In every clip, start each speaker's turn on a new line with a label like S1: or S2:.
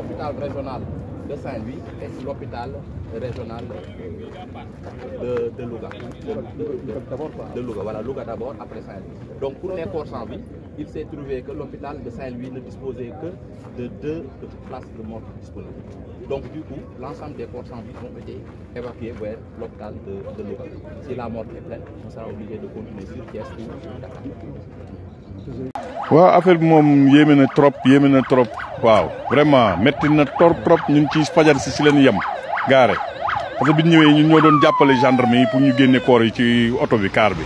S1: l'hôpital régional de Saint-Louis et l'hôpital régional de de Louga. d'abord quoi de Louga Louga d'abord après Saint-Louis. donc pour les corps sans vie il s'est trouvé que l'hôpital de Saint-Louis ne disposait que de deux places de mort disponibles. donc du coup l'ensemble des corps sans vie ont été évacués vers l'hôpital de de si la mort est pleine on sera obligé de continuer sur Thiès ou Dakar.
S2: waaw affaire bi moom yéeme na trop yéeme na trop waaw vraiment métti na trop trop ñun ci fajar si si leen yem gaare parce que bi ñu ñëwee ñun ñoo doon jàppale gendarme yi pour ñu génne koor yi ci oto bi car bi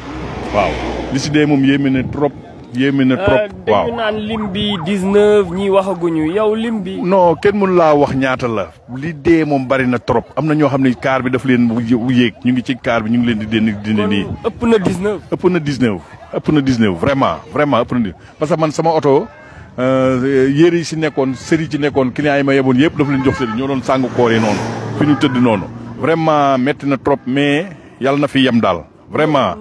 S2: waaw li dee moom yéeme na trop yéeme na euh, trop waaw dégg naan lim bi 19 ñi waxaguñu yow lim bi. non kenn mënu laa wax ñaata la li dee moom bari na trop am na ñoo xam ne car bi daf leen yéeg ñu ngi ci car bi ñu ngi leen di dindi nii. ëpp na 19. ëpp na 19. ëpp na 19 vraiment vraiment ëpp na 19 parce que man sama oto euh, yére yi si nekkoon sëri ci nekkoon client yi ma yeboon yëpp dafa leen jox sëri ñoo doon sàngu koor noonu fi ñu tëdd noonu vraiment métti na trop mais yàlla na fi yem daal vraiment.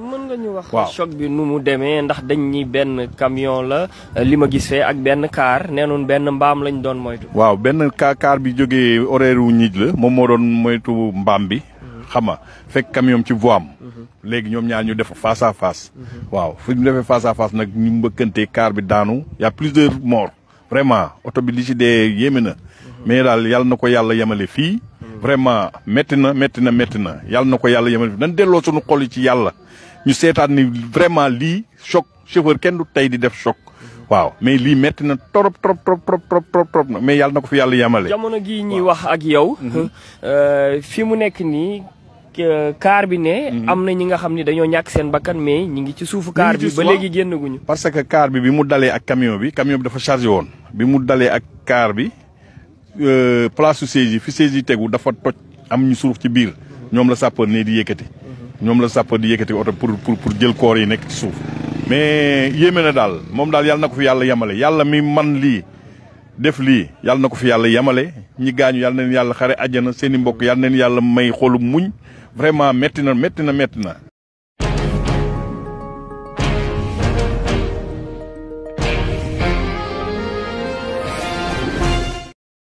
S3: waaw choc bi nu mu demee ndax dañ ñi benn camion la li ma gis ak benn kaar neenoon benn mbaam lañ doon moytu.
S2: waaw benn kaar bi jóge horaire wu ñiij la moom moo doon moytu mbaam bi xam nga fekk camion ci voie am. Mhm. léegi ñoom ñaar ñu def face à face. Mhm. waaw fu ñu defee face à nag ñu mbëkkante car bi daanu y' a plusieurs morts vraiment oto bi li ci dee yéeme na. Mhm. mais daal yàlla na ko yàlla yemale fii. vraiment métti na métti na métti na yàlla na ko yàlla yemale fii nan delloo suñu xol yi ci yàlla ñu seetaat ni vraiment lii choc chauffeur kenn du tey di def choc. waaw mais lii metti na trop trop trop trop trop trop mais yàlla na ko fi yàlla yemale. jamono
S3: gi ñuy wax ak yow. Euh, fi mu nekk nii Euh, kaar bi ne. Mhm. am na ñi nga xam ne dañoo ñàkk seen bakkan mais ñu ngi ci suufu kaar bi ba léegi
S2: génnaguñu. parce que kaar bi bi mu dalee ak camion bi camion bi dafa chargé woon bi mu dalee ak kaar bi euh, place su siège fi siège yi tegu dafa toj am ñu suuf ci biir ñoom la sapeur ne di yëkkati. Mhm. ñoom la sapeur di yëkkati oto pour pour pour jël koor yi nekk ci suuf mais yéeme na daal moom daal yàlla na ko fi yàlla yemale yàlla mi man lii. def lii yàlla na ko fi yàlla yemale ñi gaañu yàlla na leen yàlla xare àjjana seen i mbokk yàlla na leen yàlla may xolu muñ vraiment métti na métti na métti na.